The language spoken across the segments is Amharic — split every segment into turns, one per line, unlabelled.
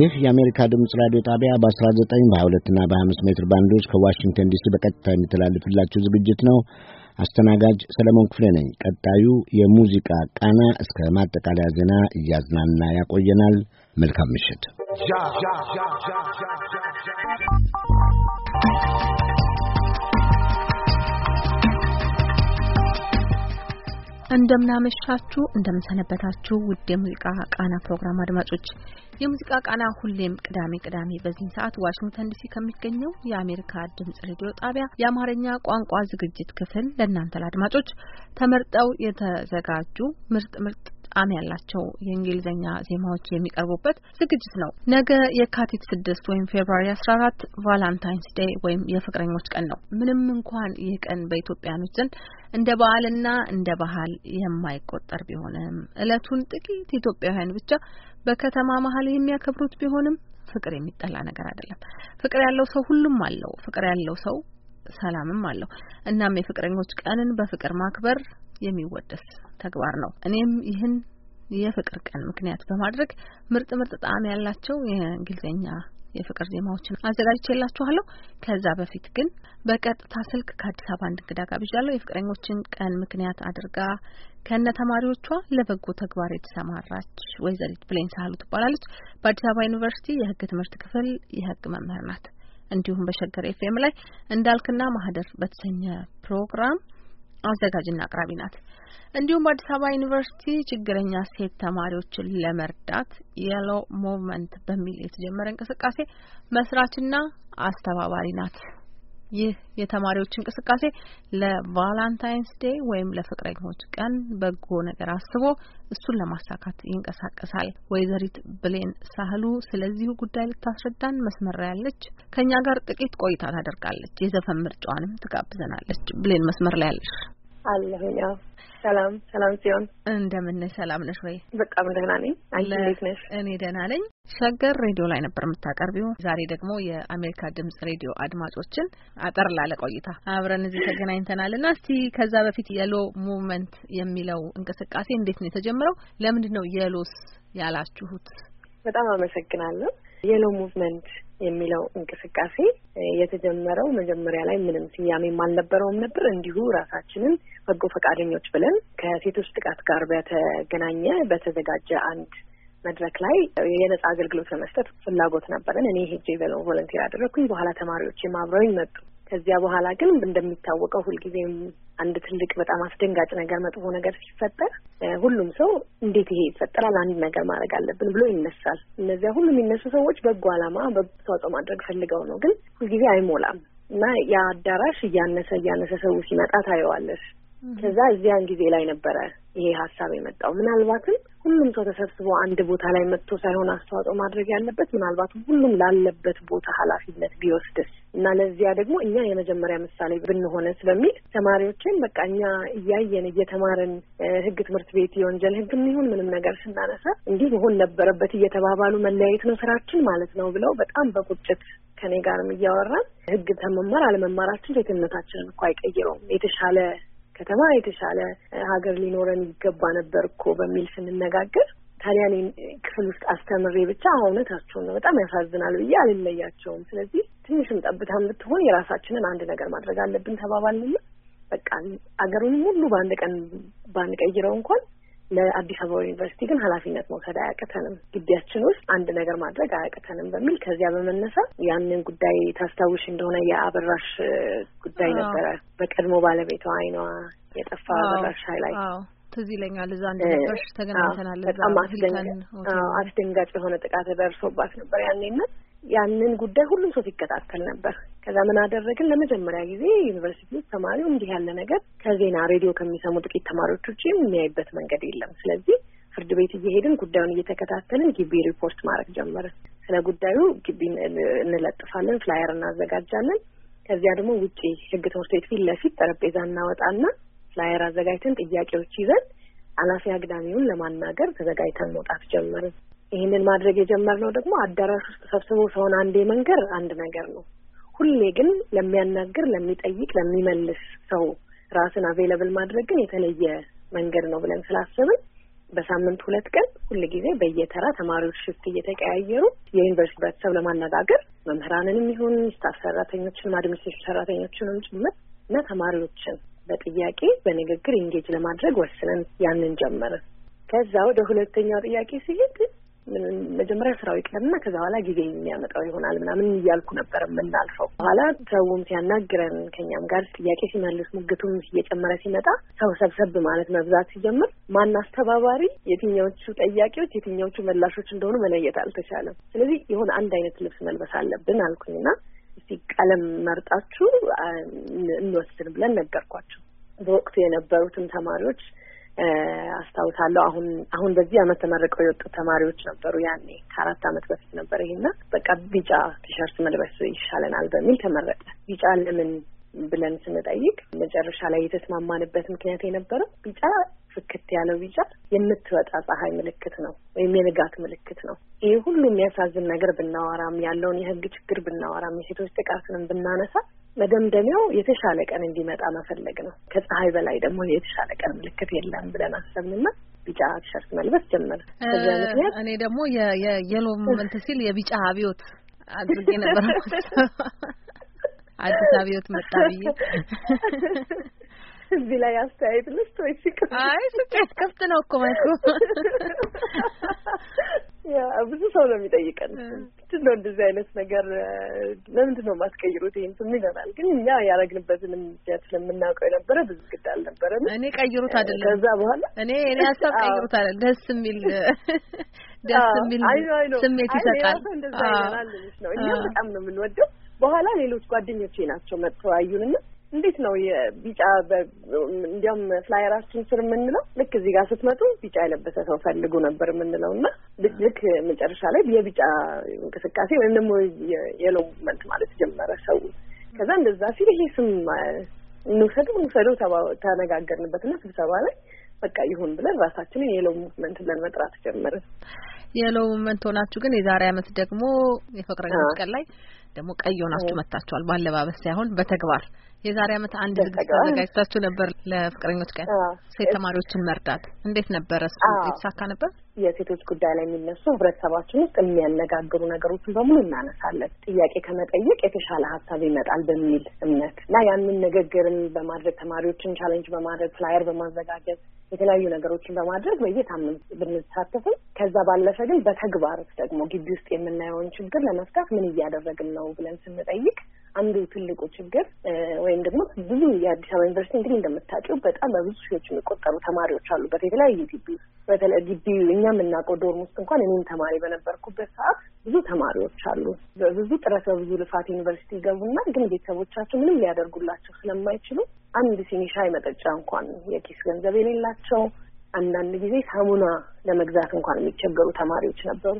ይህ የአሜሪካ ድምፅ ራዲዮ ጣቢያ በ19 በ22 እና በ25 ሜትር ባንዶች ከዋሽንግተን ዲሲ በቀጥታ የሚተላልፍላችሁ ዝግጅት ነው። አስተናጋጅ ሰለሞን ክፍሌ ነኝ። ቀጣዩ የሙዚቃ ቃና እስከ ማጠቃለያ ዜና እያዝናና ያቆየናል። መልካም ምሽት። እንደምናመሻችሁ፣ እንደምንሰነበታችሁ ውድ የሙዚቃ ቃና ፕሮግራም አድማጮች የሙዚቃ ቃና ሁሌም ቅዳሜ ቅዳሜ በዚህ ሰዓት ዋሽንግተን ዲሲ ከሚገኘው የአሜሪካ ድምጽ ሬዲዮ ጣቢያ የአማርኛ ቋንቋ ዝግጅት ክፍል ለእናንተ ለአድማጮች ተመርጠው የተዘጋጁ ምርጥ ምርጥ ጣዕም ያላቸው የእንግሊዝኛ ዜማዎች የሚቀርቡበት ዝግጅት ነው። ነገ የካቲት ስድስት ወይም ፌብርዋሪ አስራ አራት ቫላንታይንስ ዴይ ወይም የፍቅረኞች ቀን ነው። ምንም እንኳን ይህ ቀን በኢትዮጵያኖች ዘንድ እንደ በዓልና እንደ ባህል የማይቆጠር ቢሆንም እለቱን ጥቂት ኢትዮጵያውያን ብቻ በከተማ መሀል የሚያከብሩት ቢሆንም ፍቅር የሚጠላ ነገር አይደለም። ፍቅር ያለው ሰው ሁሉም አለው። ፍቅር ያለው ሰው ሰላምም አለው። እናም የፍቅረኞች ቀንን በፍቅር ማክበር የሚወደስ ተግባር ነው። እኔም ይህን የፍቅር ቀን ምክንያት በማድረግ ምርጥ ምርጥ ጣዕም ያላቸው የእንግሊዝኛ የፍቅር ዜማዎችን አዘጋጅቼላችኋለሁ። ከዛ በፊት ግን በቀጥታ ስልክ ከአዲስ አበባ አንድ እንግዳ ጋብዣለሁ። የፍቅረኞችን ቀን ምክንያት አድርጋ ከነ ተማሪዎቿ ለበጎ ተግባር የተሰማራች ወይዘሪት ብሌን ሳህሉ ትባላለች። በአዲስ አበባ ዩኒቨርሲቲ የህግ ትምህርት ክፍል የህግ መምህር ናት። እንዲሁም በሸገር ኤፍኤም ላይ እንዳልክና ማህደር በተሰኘ ፕሮግራም አዘጋጅና አቅራቢ ናት። እንዲሁም አዲስ አበባ ዩኒቨርሲቲ ችግረኛ ሴት ተማሪዎችን ለመርዳት የሎ ሞቭመንት በሚል የተጀመረ እንቅስቃሴ መስራችና አስተባባሪ ናት። ይህ የተማሪዎች እንቅስቃሴ ለቫላንታይንስ ዴይ ወይም ለፍቅረኞች ቀን በጎ ነገር አስቦ እሱን ለማሳካት ይንቀሳቀሳል። ወይዘሪት ብሌን ሳህሉ ስለዚሁ ጉዳይ ልታስረዳን መስመር ያለች ከእኛ ጋር ጥቂት ቆይታ ታደርጋለች። የዘፈን ምርጫዋንም ትጋብዘናለች። ብሌን መስመር ላይ ያለች አለሁኝ። ያው ሰላም ሰላም ሲሆን ሰላም ነሽ ወይ? በጣም ደህና ነኝ። አንቺ እንዴት ነሽ? እኔ ደህና ነኝ። ሸገር ሬዲዮ ላይ ነበር የምታቀርቢው። ዛሬ ደግሞ የአሜሪካ ድምጽ ሬዲዮ አድማጮችን አጠር ላለ ቆይታ አብረን እዚህ ተገናኝተናል እና እስቲ ከዛ በፊት የሎ ሙቭመንት የሚለው እንቅስቃሴ እንዴት ነው የተጀመረው? ለምንድን ነው የሎስ ያላችሁት?
በጣም አመሰግናለሁ። የሎ ሙቭመንት የሚለው እንቅስቃሴ የተጀመረው መጀመሪያ ላይ ምንም ስያሜም አልነበረውም ነበር። እንዲሁ ራሳችንን በጎ ፈቃደኞች ብለን ከሴቶች ጥቃት ጋር በተገናኘ በተዘጋጀ አንድ መድረክ ላይ የነጻ አገልግሎት ለመስጠት ፍላጎት ነበረን። እኔ ሄጄ ቮለንቲር አደረግኩኝ። በኋላ ተማሪዎች የማብረውኝ መጡ። ከዚያ በኋላ ግን እንደሚታወቀው ሁልጊዜም አንድ ትልቅ በጣም አስደንጋጭ ነገር መጥፎ ነገር ሲፈጠር ሁሉም ሰው እንዴት ይሄ ይፈጠራል አንድ ነገር ማድረግ አለብን ብሎ ይነሳል። እነዚያ ሁሉ የሚነሱ ሰዎች በጎ ዓላማ በተዋጽኦ ማድረግ ፈልገው ነው፣ ግን ሁልጊዜ አይሞላም እና ያ አዳራሽ እያነሰ እያነሰ ሰው ሲመጣ ታየዋለሽ። ከዛ እዚያን ጊዜ ላይ ነበረ ይሄ ሀሳብ የመጣው። ምናልባትም ሁሉም ሰው ተሰብስቦ አንድ ቦታ ላይ መጥቶ ሳይሆን አስተዋጽኦ ማድረግ ያለበት ምናልባትም ሁሉም ላለበት ቦታ ኃላፊነት ቢወስድስ እና ለዚያ ደግሞ እኛ የመጀመሪያ ምሳሌ ብንሆነ ስለሚል ተማሪዎችን በቃ እኛ እያየን እየተማርን ህግ ትምህርት ቤት የወንጀል ህግ የሚሆን ምንም ነገር ስናነሳ እንዲህ መሆን ነበረበት እየተባባሉ መለያየት ነው ስራችን ማለት ነው ብለው በጣም በቁጭት ከኔ ጋርም እያወራን ህግ ከመማር አለመማራችን ሴትነታችንን እኮ አይቀይረውም የተሻለ ከተማ የተሻለ ሀገር ሊኖረን ይገባ ነበር እኮ በሚል ስንነጋገር ታዲያ እኔ ክፍል ውስጥ አስተምሬ ብቻ እውነታቸውን ነው በጣም ያሳዝናል ብዬ አልለያቸውም። ስለዚህ ትንሽም ጠብታም ብትሆን የራሳችንን አንድ ነገር ማድረግ አለብን ተባባልንና በቃ አገሩንም ሁሉ በአንድ ቀን ባንቀይረው እንኳን ለአዲስ አበባ ዩኒቨርሲቲ ግን ኃላፊነት መውሰድ አያቅተንም። ግቢያችን ውስጥ አንድ ነገር ማድረግ አያቅተንም በሚል ከዚያ በመነሳት ያንን ጉዳይ ታስታውሽ እንደሆነ የአበራሽ ጉዳይ ነበረ። በቀድሞ ባለቤቷ አይኗ የጠፋ አበራሽ ላይ
ትዝ ይለኛል። እዛ እንደነበርሽ ተገናኝተናል። በጣም
አስደንጋጭ የሆነ ጥቃት ደርሶባት ነበር ያኔነት ያንን ጉዳይ ሁሉም ሰው ሲከታተል ነበር። ከዛ ምን አደረግን? ለመጀመሪያ ጊዜ ዩኒቨርሲቲ ውስጥ ተማሪው እንዲህ ያለ ነገር ከዜና ሬዲዮ ከሚሰሙ ጥቂት ተማሪዎች ውጭ የሚያይበት መንገድ የለም። ስለዚህ ፍርድ ቤት እየሄድን ጉዳዩን እየተከታተልን ግቢ ሪፖርት ማድረግ ጀመርን። ስለ ጉዳዩ ግቢ እንለጥፋለን፣ ፍላየር እናዘጋጃለን። ከዚያ ደግሞ ውጪ ህግ ትምህርት ቤት ፊት ለፊት ጠረጴዛ እናወጣና ፍላየር አዘጋጅተን ጥያቄዎች ይዘን አላፊ አግዳሚውን ለማናገር ተዘጋጅተን መውጣት ጀመርን። ይህንን ማድረግ የጀመርነው ደግሞ አዳራሽ ውስጥ ሰብስቦ ሰውን አንዴ መንገር አንድ ነገር ነው። ሁሌ ግን ለሚያናግር፣ ለሚጠይቅ፣ ለሚመልስ ሰው ራስን አቬይለብል ማድረግ ግን የተለየ መንገድ ነው ብለን ስላሰብን በሳምንት ሁለት ቀን ሁል ጊዜ በየተራ ተማሪዎች ሽፍት እየተቀያየሩ የዩኒቨርሲቲ ህብረተሰብ ለማነጋገር መምህራንንም ይሁን ስታፍ ሰራተኞችንም አድሚኒስትሬሽን ሰራተኞችንም ጭምር እና ተማሪዎችን በጥያቄ በንግግር ኢንጌጅ ለማድረግ ወስነን ያንን ጀመርን። ከዛ ወደ ሁለተኛው ጥያቄ ሲሄድ መጀመሪያ ስራው ይቅርና ከዛ በኋላ ጊዜ የሚያመጣው ይሆናል ምናምን እያልኩ ነበር የምናልፈው። በኋላ ሰውም ሲያናግረን ከኛም ጋር ጥያቄ ሲመልስ ሙግቱም እየጨመረ ሲመጣ ሰው ሰብሰብ ማለት መብዛት ሲጀምር ማን አስተባባሪ፣ የትኛዎቹ ጠያቂዎች፣ የትኛዎቹ መላሾች እንደሆኑ መለየት አልተቻለም። ስለዚህ የሆነ አንድ አይነት ልብስ መልበስ አለብን አልኩኝና እስቲ ቀለም መርጣችሁ እንወስን ብለን ነገርኳቸው። በወቅቱ የነበሩትም ተማሪዎች አስታውሳለሁ። አሁን አሁን በዚህ አመት ተመርቀው የወጡ ተማሪዎች ነበሩ። ያኔ ከአራት አመት በፊት ነበር ይሄና በቃ ቢጫ ቲሸርት መልበስ ይሻለናል በሚል ተመረጠ። ቢጫ ለምን ብለን ስንጠይቅ መጨረሻ ላይ የተስማማንበት ምክንያት የነበረው ቢጫ ፍክት ያለው ቢጫ የምትወጣ ፀሐይ ምልክት ነው ወይም የንጋት ምልክት ነው። ይህ ሁሉ የሚያሳዝን ነገር ብናወራም ያለውን የህግ ችግር ብናወራም የሴቶች ጥቃትንም ብናነሳ መደምደሚያው የተሻለ ቀን እንዲመጣ መፈለግ ነው። ከፀሐይ በላይ ደግሞ የተሻለ ቀን ምልክት የለም ብለን አሰብንና ቢጫ ቲሸርት መልበስ ጀመር።
እኔ ደግሞ የየሎ ሞመንት ሲል የቢጫ አብዮት አድርጌ ነበር።
አዲስ አብዮት መጣ ብዬ እዚህ ላይ አስተያየት ልስጥ ወይ? ይቅር? አይ ክፍት ነው እኮ ማይኮ
ብዙ ሰው ነው የሚጠይቀን ለምንድን ነው እንደዚህ አይነት ነገር ለምንድን ነው ማስቀይሩት? ይህን ስም ይለናል። ግን እኛ ያረግንበትን ምክንያት ስለምናውቀው የነበረ ብዙ ግድ አልነበረም። እኔ
ቀይሩት አይደለም ከዛ በኋላ እኔ እኔ ሀሳብ ቀይሩት አለ ደስ የሚል ደስ የሚል ስሜት ይሰጣል። እንደዛ ይለናል ነው እኛም በጣም
ነው የምንወደው። በኋላ ሌሎች ጓደኞቼ ናቸው መጥተው አዩንና እንዴት ነው የቢጫ እንዲያውም ፍላየራችን ስር የምንለው ልክ እዚህ ጋር ስትመጡ ቢጫ የለበሰ ሰው ፈልጉ ነበር የምንለው እና ልክ መጨረሻ ላይ የቢጫ እንቅስቃሴ ወይም ደግሞ የሎ መንት ማለት ጀመረ ሰው። ከዛ እንደዛ ሲል ይሄ ስም እንውሰደው እንውሰደው ተነጋገርንበት እና ስብሰባ ላይ በቃ ይሁን ብለን ራሳችንን የሎ ሙቭመንት ብለን መጥራት ጀመርን።
የሎ ሙቭመንት ሆናችሁ ግን የዛሬ አመት ደግሞ የፍቅረኞች ቀን ላይ ደግሞ ቀይ ሆናችሁ ባለባበስ ሳይሆን በተግባር የዛሬ አመት አንድ ዝግጅት አዘጋጅታችሁ ነበር ለፍቅረኞች ቀን ሴት ተማሪዎችን መርዳት። እንዴት ነበረ? እሱ የተሳካ ነበር? የሴቶች ጉዳይ ላይ የሚነሱ
ህብረተሰባችን ውስጥ የሚያነጋግሩ ነገሮችን በሙሉ እናነሳለን። ጥያቄ ከመጠየቅ የተሻለ ሀሳብ ይመጣል በሚል እምነት እና ያንን ንግግርን በማድረግ ተማሪዎችን ቻለንጅ በማድረግ ፍላየር በማዘጋጀት የተለያዩ ነገሮችን በማድረግ በየሳምንት ብንሳተፍም ከዛ ባለፈ ግን በተግባር ደግሞ ግቢ ውስጥ የምናየውን ችግር ለመፍታት ምን እያደረግን ነው ብለን ስንጠይቅ አንዱ ትልቁ ችግር ወይም ደግሞ ብዙ የአዲስ አበባ ዩኒቨርሲቲ እንግዲህ እንደምታውቂው በጣም በብዙ ሺዎች የሚቆጠሩ ተማሪዎች አሉበት የተለያዩ ግቢ በተለይ ግቢ እኛ የምናውቀው ዶርም ውስጥ እንኳን እኔም ተማሪ በነበርኩበት ሰዓት ብዙ ተማሪዎች አሉ። በብዙ ጥረት በብዙ ልፋት ዩኒቨርሲቲ ይገቡና ግን ቤተሰቦቻቸው ምንም ሊያደርጉላቸው ስለማይችሉ አንድ ሲኒ ሻይ መጠጫ እንኳን የኪስ ገንዘብ የሌላቸው አንዳንድ ጊዜ ሳሙና ለመግዛት እንኳን የሚቸገሩ ተማሪዎች ነበሩ።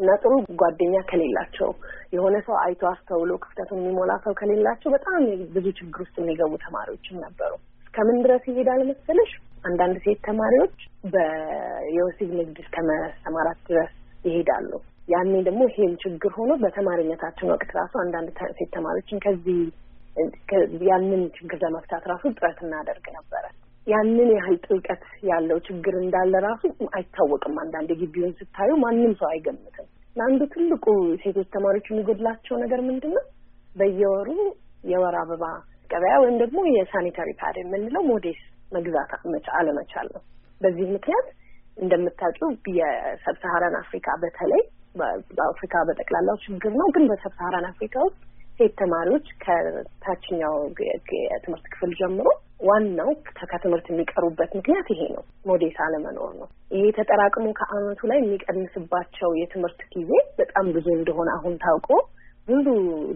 እና ጥሩ ጓደኛ ከሌላቸው የሆነ ሰው አይቶ አስተውሎ ክፍተቱን የሚሞላ ሰው ከሌላቸው በጣም ብዙ ችግር ውስጥ የሚገቡ ተማሪዎችም ነበሩ። እስከምን ድረስ ይሄዳል መሰለሽ? አንዳንድ ሴት ተማሪዎች በየወሲብ ንግድ እስከመሰማራት ድረስ ይሄዳሉ። ያኔ ደግሞ ይሄም ችግር ሆኖ በተማሪነታችን ወቅት ራሱ አንዳንድ ሴት ተማሪዎችን ከዚህ ያንን ችግር ለመፍታት ራሱ ጥረት እናደርግ ነበረ። ያንን ያህል ጥልቀት ያለው ችግር እንዳለ ራሱ አይታወቅም። አንዳንድ የግቢውን ስታዩ ማንም ሰው አይገምትም። ለአንዱ ትልቁ ሴቶች ተማሪዎች የሚጎድላቸው ነገር ምንድን ነው? በየወሩ የወር አበባ ቀበያ ወይም ደግሞ የሳኒታሪ ፓድ የምንለው ሞዴስ መግዛት አለመቻል ነው። በዚህ ምክንያት እንደምታውቂው የሰብሳሃራን አፍሪካ በተለይ በአፍሪካ በጠቅላላው ችግር ነው። ግን በሰብሳሃራን አፍሪካ ውስጥ ሴት ተማሪዎች ከታችኛው የትምህርት ክፍል ጀምሮ ዋናው ከትምህርት የሚቀሩበት ምክንያት ይሄ ነው። ሞዴስ አለመኖር ነው። ይሄ ተጠራቅሞ ከአመቱ ላይ የሚቀንስባቸው የትምህርት ጊዜ በጣም ብዙ እንደሆነ አሁን ታውቆ ብዙ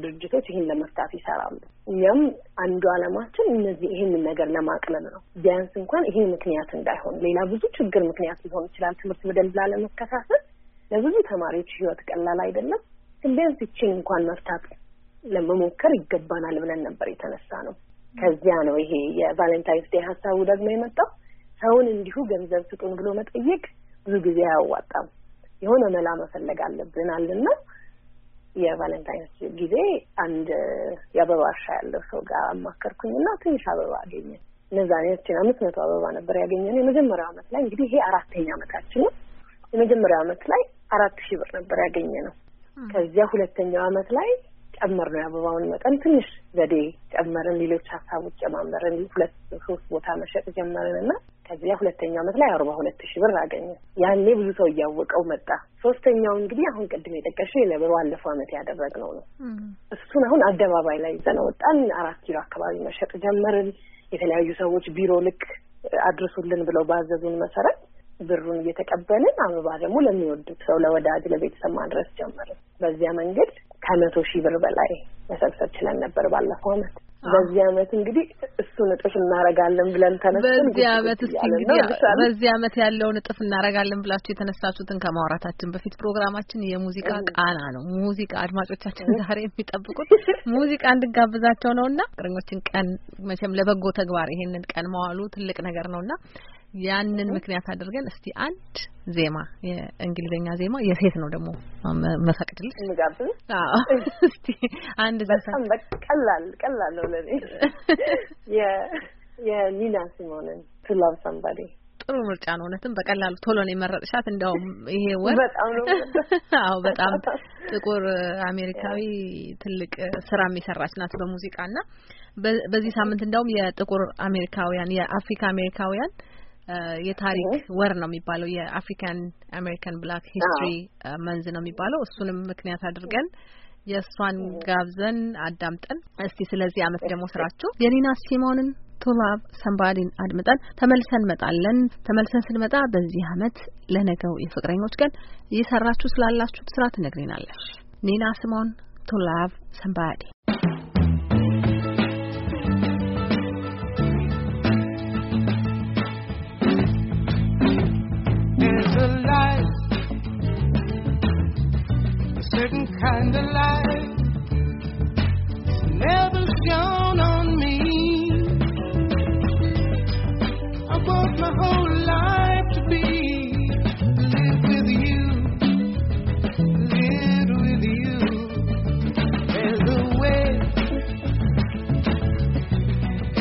ድርጅቶች ይህን ለመፍታት ይሰራሉ። እኛም አንዱ አለማችን እነዚህ ይህንን ነገር ለማቅለል ነው። ቢያንስ እንኳን ይሄ ምክንያት እንዳይሆን፣ ሌላ ብዙ ችግር ምክንያት ሊሆን ይችላል። ትምህርት በደንብ ላለመከታተል ለብዙ ተማሪዎች ህይወት ቀላል አይደለም። ቢያንስ ይችን እንኳን መፍታት ለመሞከር ይገባናል ብለን ነበር የተነሳ ነው። ከዚያ ነው ይሄ የቫለንታይንስ ዴይ ሀሳቡ ደግሞ የመጣው። ሰውን እንዲሁ ገንዘብ ስጡን ብሎ መጠየቅ ብዙ ጊዜ አያዋጣም፣ የሆነ መላ መፈለግ አለብን አልና የቫለንታይንስ ጊዜ አንድ የአበባ እርሻ ያለው ሰው ጋር አማከርኩኝና ትንሽ አበባ አገኘ። እነዛ ያችን አምስት መቶ አበባ ነበር ያገኘነው። የመጀመሪያው አመት ላይ እንግዲህ ይሄ አራተኛ አመታችን ነው። የመጀመሪያው አመት ላይ አራት ሺህ ብር ነበር ያገኘ ነው። ከዚያ ሁለተኛው አመት ላይ ጨመር ነው የአበባውን መጠን ትንሽ ዘዴ ጨመርን፣ ሌሎች ሀሳቦች ጨማመርን፣ ሁለት ሶስት ቦታ መሸጥ ጀመርን እና ከዚያ ሁለተኛው ዓመት ላይ አርባ ሁለት ሺህ ብር አገኘ። ያኔ ብዙ ሰው እያወቀው መጣ። ሶስተኛው እንግዲህ አሁን ቅድም የጠቀሽው የነበረው ባለፈው ዓመት ያደረግነው ነው። እሱን አሁን አደባባይ ላይ ይዘን ወጣን። አራት ኪሎ አካባቢ መሸጥ ጀመርን። የተለያዩ ሰዎች ቢሮ ልክ አድርሱልን ብለው ባዘዙን መሰረት ብሩን እየተቀበልን አበባ ደግሞ ለሚወዱት ሰው ለወዳጅ፣ ለቤተሰብ ማድረስ ጀመርን። በዚያ መንገድ ከመቶ ሺህ ብር በላይ መሰብሰብ ችለን ነበር ባለፈው አመት። በዚህ አመት እንግዲህ እሱን እጥፍ እናረጋለን ብለን ተነስተን በዚህ አመት እስኪ እንግዲህ በዚህ
አመት ያለውን እጥፍ እናረጋለን ብላችሁ የተነሳችሁትን ከማውራታችን በፊት ፕሮግራማችን የሙዚቃ ቃና ነው። ሙዚቃ አድማጮቻችን ዛሬ የሚጠብቁት ሙዚቃ እንድጋብዛቸው እና ቅርኞችን ቀን መቼም ለበጎ ተግባር ይሄንን ቀን መዋሉ ትልቅ ነገር እና ያንን ምክንያት አድርገን እስቲ አንድ ዜማ የእንግሊዝኛ ዜማ የሴት ነው ደግሞ መፈቅድልሽ እስቲ አንድ በጣም
በቀላል ቀላል ነው ለኔ የኒና ሲሞንን ቱ ላቭ ሳምባዲ
ጥሩ ምርጫ ነው። እውነትም በቀላሉ ቶሎ ነው የመረጥሻት። እንዲያውም ይሄ ወር በጣም አዎ በጣም ጥቁር አሜሪካዊ ትልቅ ስራ የሚሰራች ናት በሙዚቃ በሙዚቃና በዚህ ሳምንት እንዲያውም የጥቁር አሜሪካውያን የአፍሪካ አሜሪካውያን የታሪክ ወር ነው የሚባለው የአፍሪካን አሜሪካን ብላክ ሂስትሪ መንዝ ነው የሚባለው። እሱንም ምክንያት አድርገን የእሷን ጋብዘን አዳምጠን እስቲ ስለዚህ አመት ደግሞ ስራችሁ የሊና ሲሞንን ቱላብ ሰንባዲን አድምጠን ተመልሰን እንመጣለን። ተመልሰን ስንመጣ በዚህ አመት ለነገው የፍቅረኞች ቀን እየሰራችሁ ስላላችሁት ስራ ትነግሪናለሽ። ኒና ሲሞን ቱላብ ሰንባዲ
a certain kind of life, it's never shone on me. I want my whole life to be lived with you, live with you. There's a way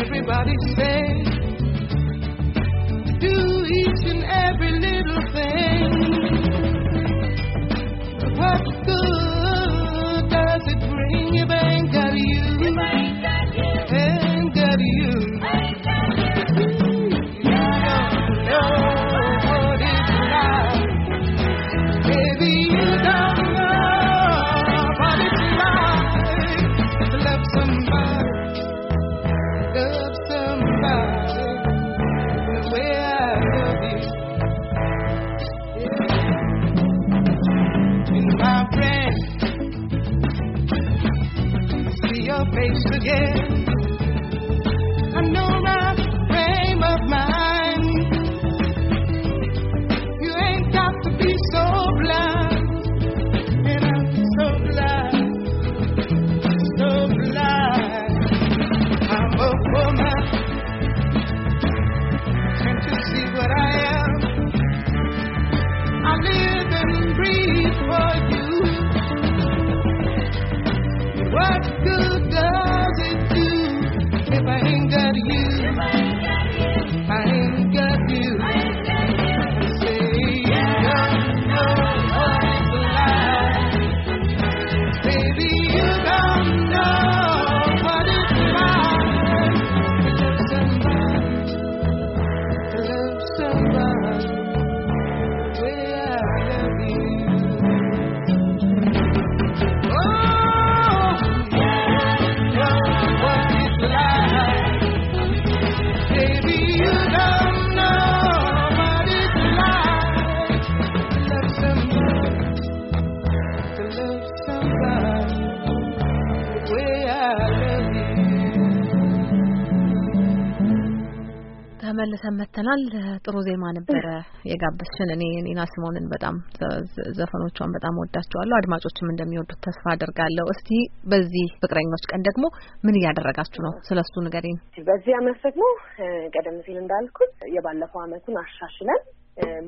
everybody says do each and every little thing. good.
አመስግነናል። ጥሩ ዜማ ነበረ የጋበዝሽን። እኔ ኒና ሲሞንን በጣም ዘፈኖቿን በጣም ወዳቸዋለሁ። አድማጮችም እንደሚወዱት ተስፋ አድርጋለሁ። እስቲ በዚህ ፍቅረኞች ቀን ደግሞ ምን እያደረጋችሁ ነው? ስለ እሱ ንገሪን።
በዚህ አመት ደግሞ ቀደም ሲል እንዳልኩት የባለፈው አመቱን አሻሽለን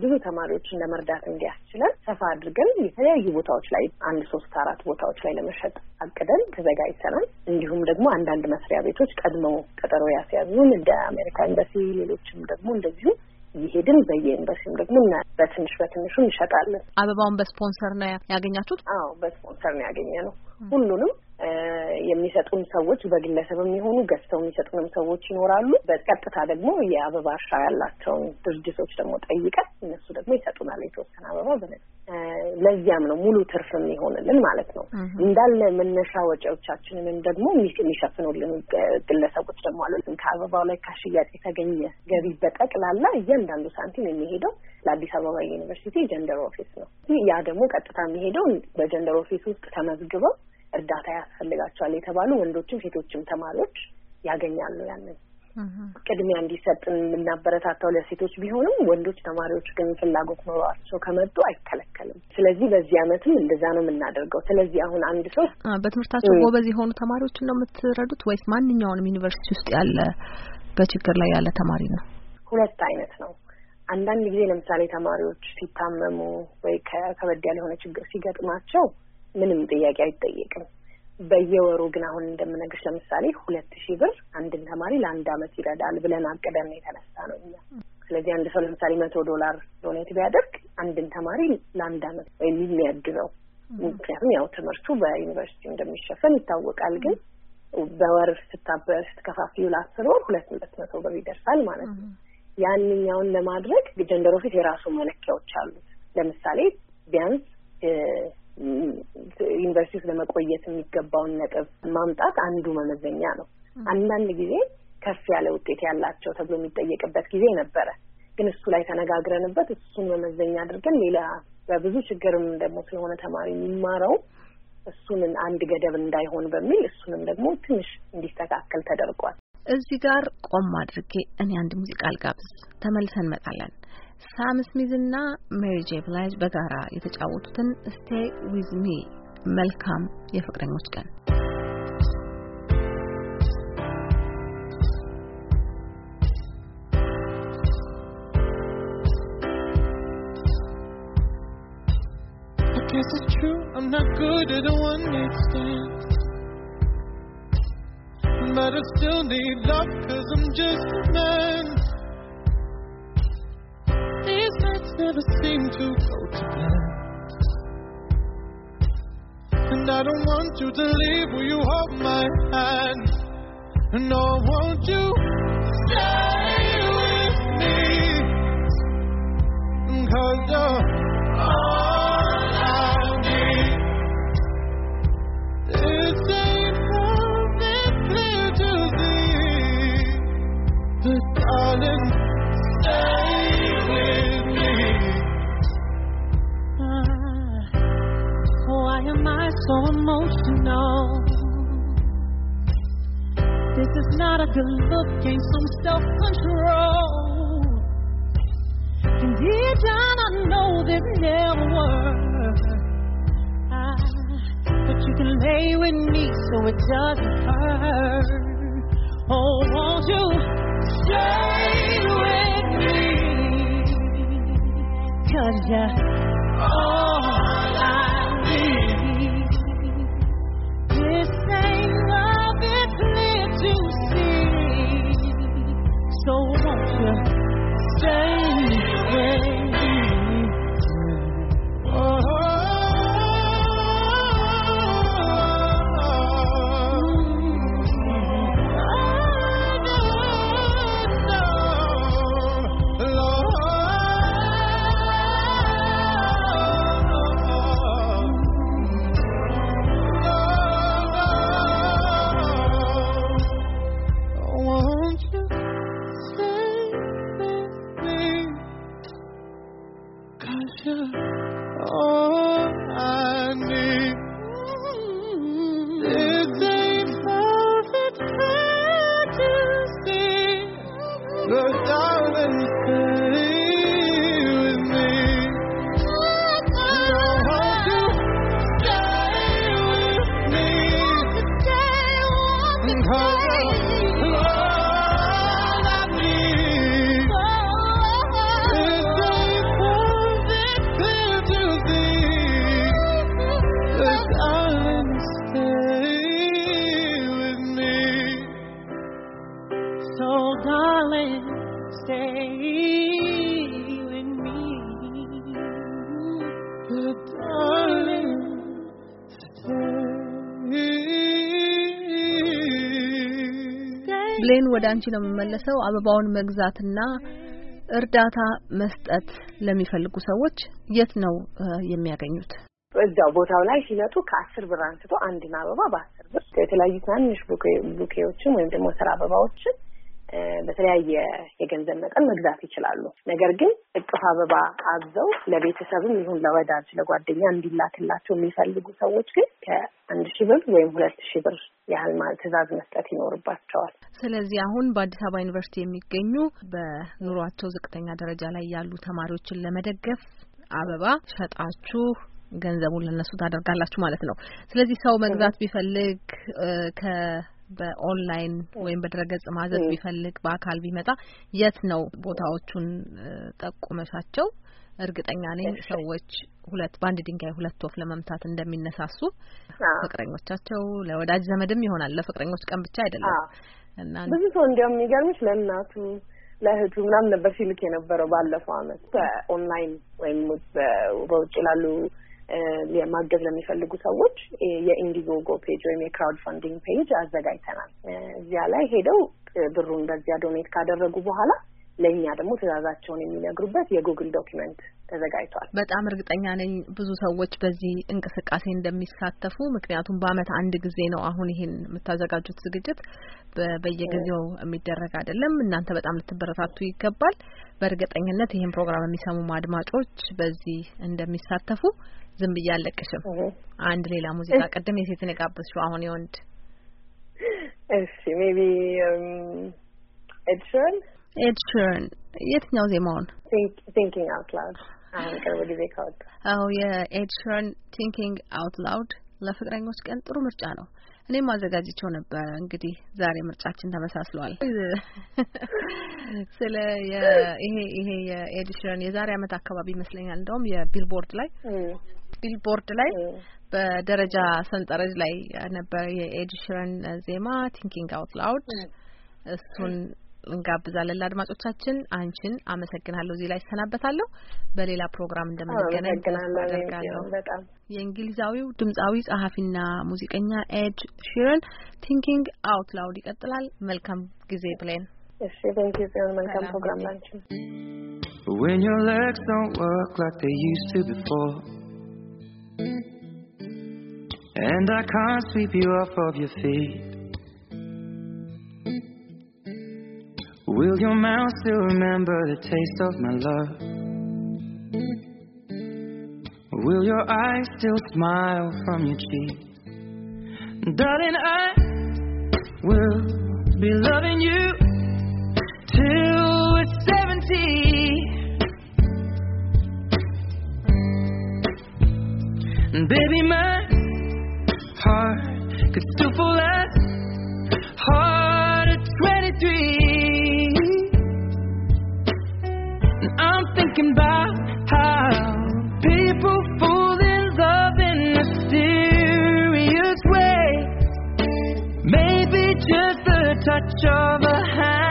ብዙ ተማሪዎችን ለመርዳት እንዲያስችለን ሰፋ አድርገን የተለያዩ ቦታዎች ላይ አንድ ሶስት አራት ቦታዎች ላይ ለመሸጥ አቅደን ተዘጋጅተናል። እንዲሁም ደግሞ አንዳንድ መስሪያ ቤቶች ቀድሞ ቀጠሮ ያስያዙን እንደ አሜሪካ ኤምባሲ፣ ሌሎችም ደግሞ እንደዚሁ ይሄድን በየኤምባሲም ደግሞ በትንሽ በትንሹ እንሸጣለን።
አበባውን በስፖንሰር
ነው ያገኛችሁት? አዎ በስፖንሰር ነው ያገኘ ነው። ሁሉንም የሚሰጡን ሰዎች በግለሰብ የሚሆኑ ገዝተው የሚሰጡንም ሰዎች ይኖራሉ። በቀጥታ ደግሞ የአበባ እርሻ ያላቸውን ድርጅቶች ደግሞ ጠይቀን እነሱ ደግሞ ይሰጡናል የተወሰነ አበባ በነ ለዚያም ነው ሙሉ ትርፍ የሚሆንልን ማለት ነው። እንዳለ መነሻ ወጪዎቻችንንም ደግሞ የሚሸፍኑልን ግለሰቦች ደግሞ አሉ። ከአበባው ላይ ከሽያጭ የተገኘ ገቢ በጠቅላላ እያንዳንዱ ሳንቲም የሚሄደው ለአዲስ አበባ ዩኒቨርሲቲ ጀንደር ኦፊስ ነው። ያ ደግሞ ቀጥታ የሚሄደው በጀንደር ኦፊስ ውስጥ ተመዝግበው እርዳታ ያስፈልጋቸዋል የተባሉ ወንዶችም ሴቶችም ተማሪዎች ያገኛሉ። ያንን ቅድሚያ እንዲሰጥን የምናበረታታው ለሴቶች ቢሆንም ወንዶች ተማሪዎች ግን ፍላጎት ኖሯቸው ከመጡ አይከለከልም። ስለዚህ በዚህ ዓመትም እንደዛ ነው የምናደርገው። ስለዚህ አሁን አንድ ሰው
በትምህርታቸው ጎበዝ የሆኑ ተማሪዎችን ነው የምትረዱት ወይስ ማንኛውንም ዩኒቨርሲቲ ውስጥ ያለ በችግር ላይ ያለ ተማሪ ነው?
ሁለት አይነት ነው። አንዳንድ ጊዜ ለምሳሌ ተማሪዎች ሲታመሙ ወይ ከበድ ያለ የሆነ ችግር ሲገጥማቸው ምንም ጥያቄ አይጠየቅም። በየወሩ ግን አሁን እንደምነግርሽ ለምሳሌ ሁለት ሺህ ብር አንድን ተማሪ ለአንድ አመት ይረዳል ብለን አቅደን የተነሳ ነው እኛ። ስለዚህ አንድ ሰው ለምሳሌ መቶ ዶላር ዶኔት ቢያደርግ አንድን ተማሪ ለአንድ አመት ወይም የሚያግዘው ምክንያቱም ያው ትምህርቱ በዩኒቨርሲቲ እንደሚሸፈን ይታወቃል። ግን በወር ስታበር ስትከፋፍዩ ለአስር ወር ሁለት ሁለት መቶ ብር ይደርሳል ማለት ነው። ያንኛውን ለማድረግ ጀንደር ኦፊስ የራሱ መለኪያዎች አሉት። ለምሳሌ ቢያንስ ዩኒቨርሲቲ ውስጥ ለመቆየት የሚገባውን ነጥብ ማምጣት አንዱ መመዘኛ ነው። አንዳንድ ጊዜ ከፍ ያለ ውጤት ያላቸው ተብሎ የሚጠየቅበት ጊዜ ነበረ። ግን እሱ ላይ ተነጋግረንበት እሱን መመዘኛ አድርገን ሌላ በብዙ ችግርም ደግሞ ስለሆነ ተማሪ የሚማረው እሱንን አንድ ገደብ እንዳይሆን በሚል እሱንም ደግሞ ትንሽ
እንዲስተካከል ተደርጓል። እዚህ ጋር ቆም አድርጌ እኔ አንድ ሙዚቃ ልጋብዝ፣ ተመልሰን እንመጣለን። ሳም ስሚዝ እና ሜሪ ጄ ብላይዝ በጋራ የተጫወቱትን ስቴይ ዊዝ ሚ። መልካም የፍቅረኞች ቀን።
Guess it's true, I'm not good at a one night stand. But I still need love, cause I'm just a man. never seem to go to plan. And I don't want you to leave. Will you hold my hand? No, won't you stay with me? Cause, uh, is not a good look, gain some self control. And dear John, I know this never works. Ah, but you can lay with me so it doesn't hurt. Oh, won't you stay with me? Cause you
አንቺ ነው የምመለሰው። አበባውን መግዛትና እርዳታ መስጠት ለሚፈልጉ ሰዎች የት ነው የሚያገኙት?
እዛው ቦታው ላይ ሲመጡ ከአስር ብር አንስቶ አንድን አበባ በአስር
ብር የተለያዩ ትናንሽ
ቡኬዎችን ወይም ደግሞ ስራ አበባዎችን በተለያየ የገንዘብ መጠን መግዛት ይችላሉ። ነገር ግን እቅፍ አበባ አዘው ለቤተሰብም ይሁን ለወዳጅ ለጓደኛ እንዲላክላቸው የሚፈልጉ ሰዎች ግን ከአንድ ሺህ ብር ወይም ሁለት ሺህ ብር ያህል ትዕዛዝ መስጠት ይኖርባቸዋል።
ስለዚህ አሁን በአዲስ አበባ ዩኒቨርሲቲ የሚገኙ በኑሯቸው ዝቅተኛ ደረጃ ላይ ያሉ ተማሪዎችን ለመደገፍ አበባ ሸጣችሁ ገንዘቡን ለነሱ ታደርጋላችሁ ማለት ነው። ስለዚህ ሰው መግዛት ቢፈልግ ከ በኦንላይን ወይም በድረገጽ ማዘዝ ቢፈልግ በአካል ቢመጣ የት ነው ቦታዎቹን ጠቁመሻቸው? እርግጠኛ ነኝ ሰዎች ሁለት በአንድ ድንጋይ ሁለት ወፍ ለመምታት እንደሚነሳሱ ፍቅረኞቻቸው፣ ለወዳጅ ዘመድም ይሆናል ለፍቅረኞች ቀን ብቻ
አይደለም እና ብዙ
ሰው እንዲያውም የሚገርምሽ ለእናቱ ለእህቱ ምናምን ነበር ሲልክ የነበረው ባለፈው አመት በኦንላይን ወይም በውጭ ላሉ ማገዝ ለሚፈልጉ ሰዎች የኢንዲጎጎ ፔጅ ወይም የክራውድ ፋንዲንግ ፔጅ አዘጋጅተናል። እዚያ ላይ ሄደው ብሩን በዚያ ዶኔት ካደረጉ በኋላ ለእኛ ደግሞ ትእዛዛቸውን የሚነግሩበት የጉግል ዶኪመንት ተዘጋጅቷል።
በጣም እርግጠኛ ነኝ ብዙ ሰዎች በዚህ እንቅስቃሴ እንደሚሳተፉ። ምክንያቱም በአመት አንድ ጊዜ ነው አሁን ይሄን የምታዘጋጁት ዝግጅት በየጊዜው የሚደረግ አይደለም። እናንተ በጣም ልትበረታቱ ይገባል። በእርግጠኝነት ይህን ፕሮግራም የሚሰሙ አድማጮች በዚህ እንደሚሳተፉ ዝም ብዬ አልለቅሽም። አንድ ሌላ ሙዚቃ ቅድም የሴትን የጋበዝሽው አሁን የወንድ
እሺ ሜቢ ኤድሽን um,
ኤድ የትኛው ዜማውን
ቲንኪንግ አውት ላውድ አሁን ቅርብ ጊዜ ካወጣ
አዎ የኤድ ቲንኪንግ አውት ላውድ ለፍቅረኞች ቀን ጥሩ ምርጫ ነው። እኔም አዘጋጅቸው ነበረ። እንግዲህ ዛሬ ምርጫችን ተመሳስሏል። ስለ ይሄ ይሄ የኤዲሽን የዛሬ አመት አካባቢ ይመስለኛል እንደውም የቢልቦርድ ላይ ቢልቦርድ ላይ በደረጃ ሰንጠረዥ ላይ ነበረ የኤዲሽን ዜማ ቲንኪንግ አውት ላውድ እሱን እንጋብዛለን። ለአድማጮቻችን አንቺን አመሰግናለሁ። እዚህ ላይ ይሰናበታለሁ። በሌላ ፕሮግራም እንደምንገናኝ አደርጋለሁ። የእንግሊዛዊው ድምጻዊ ጸሐፊና ሙዚቀኛ ኤድ ሺረን ቲንኪንግ አውት ላውድ ይቀጥላል። መልካም ጊዜ ብሌን።
When your legs don't work like they used to before And I can't sweep you off of your feet Will your mouth still remember the taste of my love? Will your eyes still smile from your cheek? Darling, I will be loving you till we're 70. And baby, my heart could still fall out. talking about how people fall in love in mysterious ways. Maybe just the touch of a hand.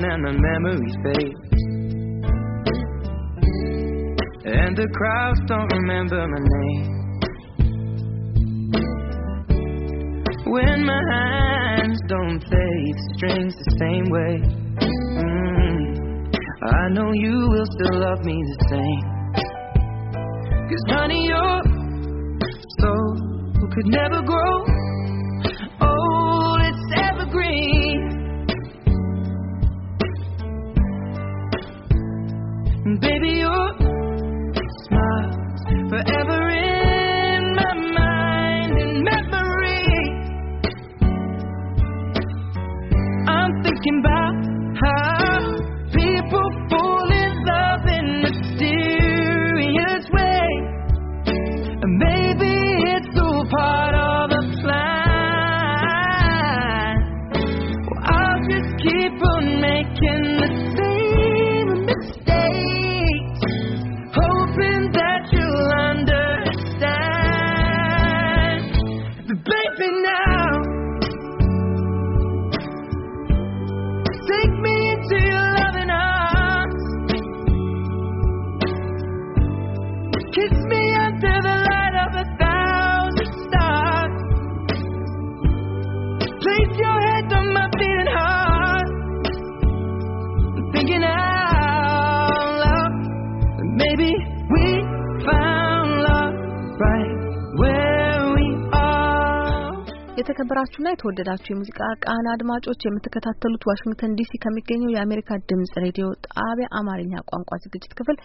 gone and the memories fade, And the crowds don't remember my name. When my hands don't play the strings the same way, mm, I know you will still love me the same. Cause honey, your soul could never grow.
የተከበራችሁና የተወደዳችሁ የሙዚቃ ቃና አድማጮች የምትከታተሉት ዋሽንግተን ዲሲ ከሚገኘው የአሜሪካ ድምጽ ሬዲዮ ጣቢያ አማርኛ ቋንቋ ዝግጅት ክፍል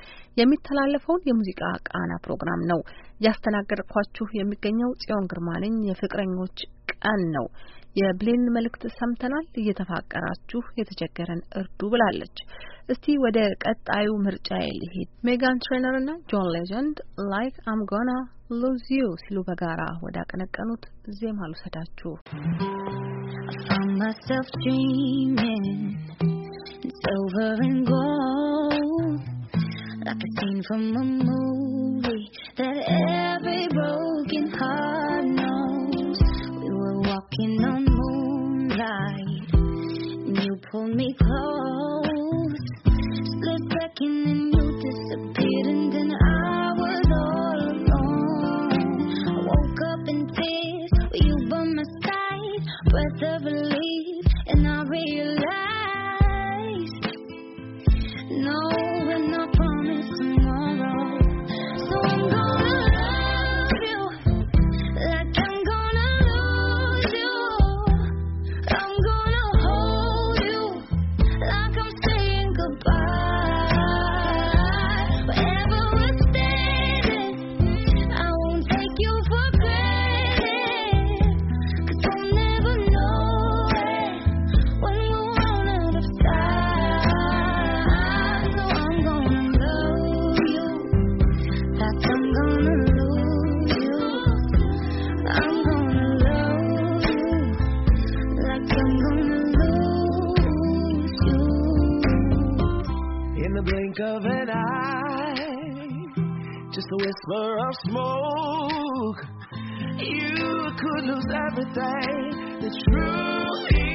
የሚተላለፈውን የሙዚቃ ቃና ፕሮግራም ነው። እያስተናገድኳችሁ የሚገኘው ጽዮን ግርማ ነኝ። የፍቅረኞች ቀን ነው። የብሌን መልእክት ሰምተናል። እየተፋቀራችሁ የተቸገረን እርዱ ብላለች። እስቲ ወደ ቀጣዩ ምርጫ ይሄድ። ሜጋን ትሬነር እና ጆን ሌጀንድ ላይክ አም ጎና ሉዚዮ ሲሉ በጋራ ወዳቀነቀኑት
ዜማ ልውሰዳችሁ። Like a scene from a movie that every broken heart knows. We were walking on moonlight, and you pulled me close, split second, and you disappeared. blink of an eye, just a whisper of smoke. You could lose everything. The truth is.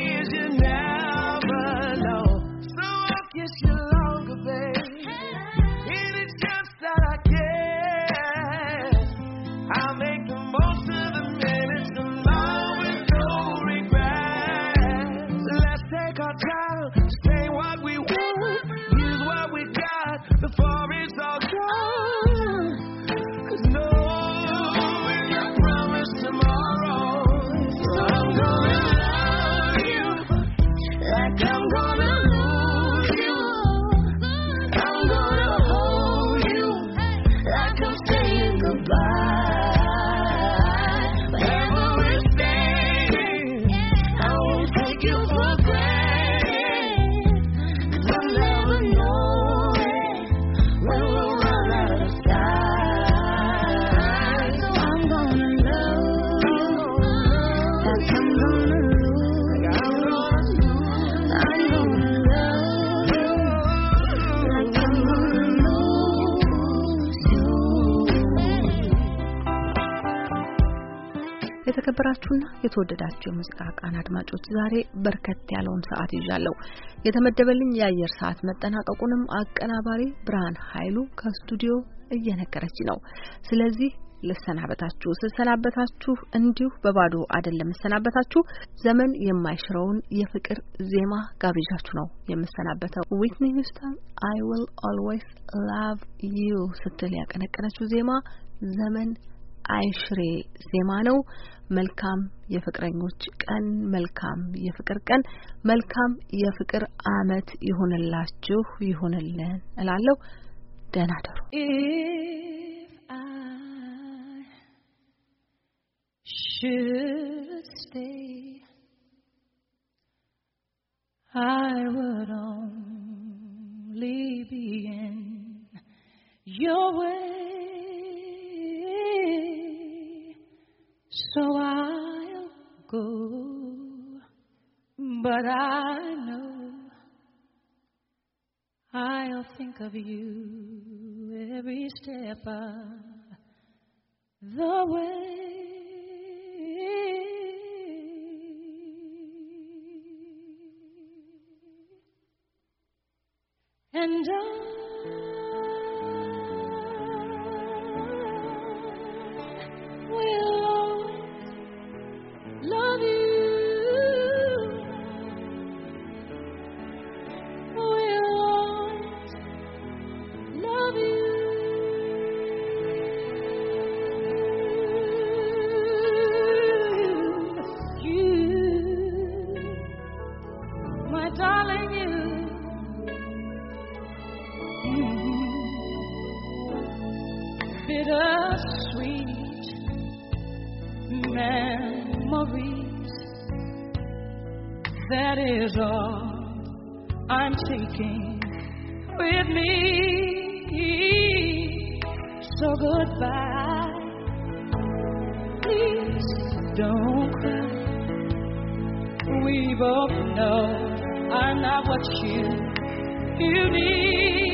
የተከበራችሁና የተወደዳችሁ የሙዚቃ ቃን አድማጮች ዛሬ በርከት ያለውን ሰዓት ይዣለሁ። የተመደበልኝ የአየር ሰዓት መጠናቀቁንም አቀናባሪ ብርሃን ኃይሉ ከስቱዲዮ እየነገረች ነው። ስለዚህ ልሰናበታችሁ። ስሰናበታችሁ እንዲሁ በባዶ አይደለም የምሰናበታችሁ። ዘመን የማይሽረውን የፍቅር ዜማ ጋብዣችሁ ነው የምሰናበተው። ዊትኒ ሂውስተን አይ ዊል ኦልዌይስ ላቭ ዩ ስትል ያቀነቀነችው ዜማ ዘመን አይሽሬ ዜማ ነው። መልካም የፍቅረኞች ቀን፣ መልካም የፍቅር ቀን፣ መልካም የፍቅር አመት ይሁንላችሁ ይሁንልን እላለሁ። ደህና ደሩ።
I would only be in your way. But I know I'll think of you every step of the way. And I bittersweet memories. That is all I'm taking with me. So goodbye. Please don't cry. We both know I'm not what you you need.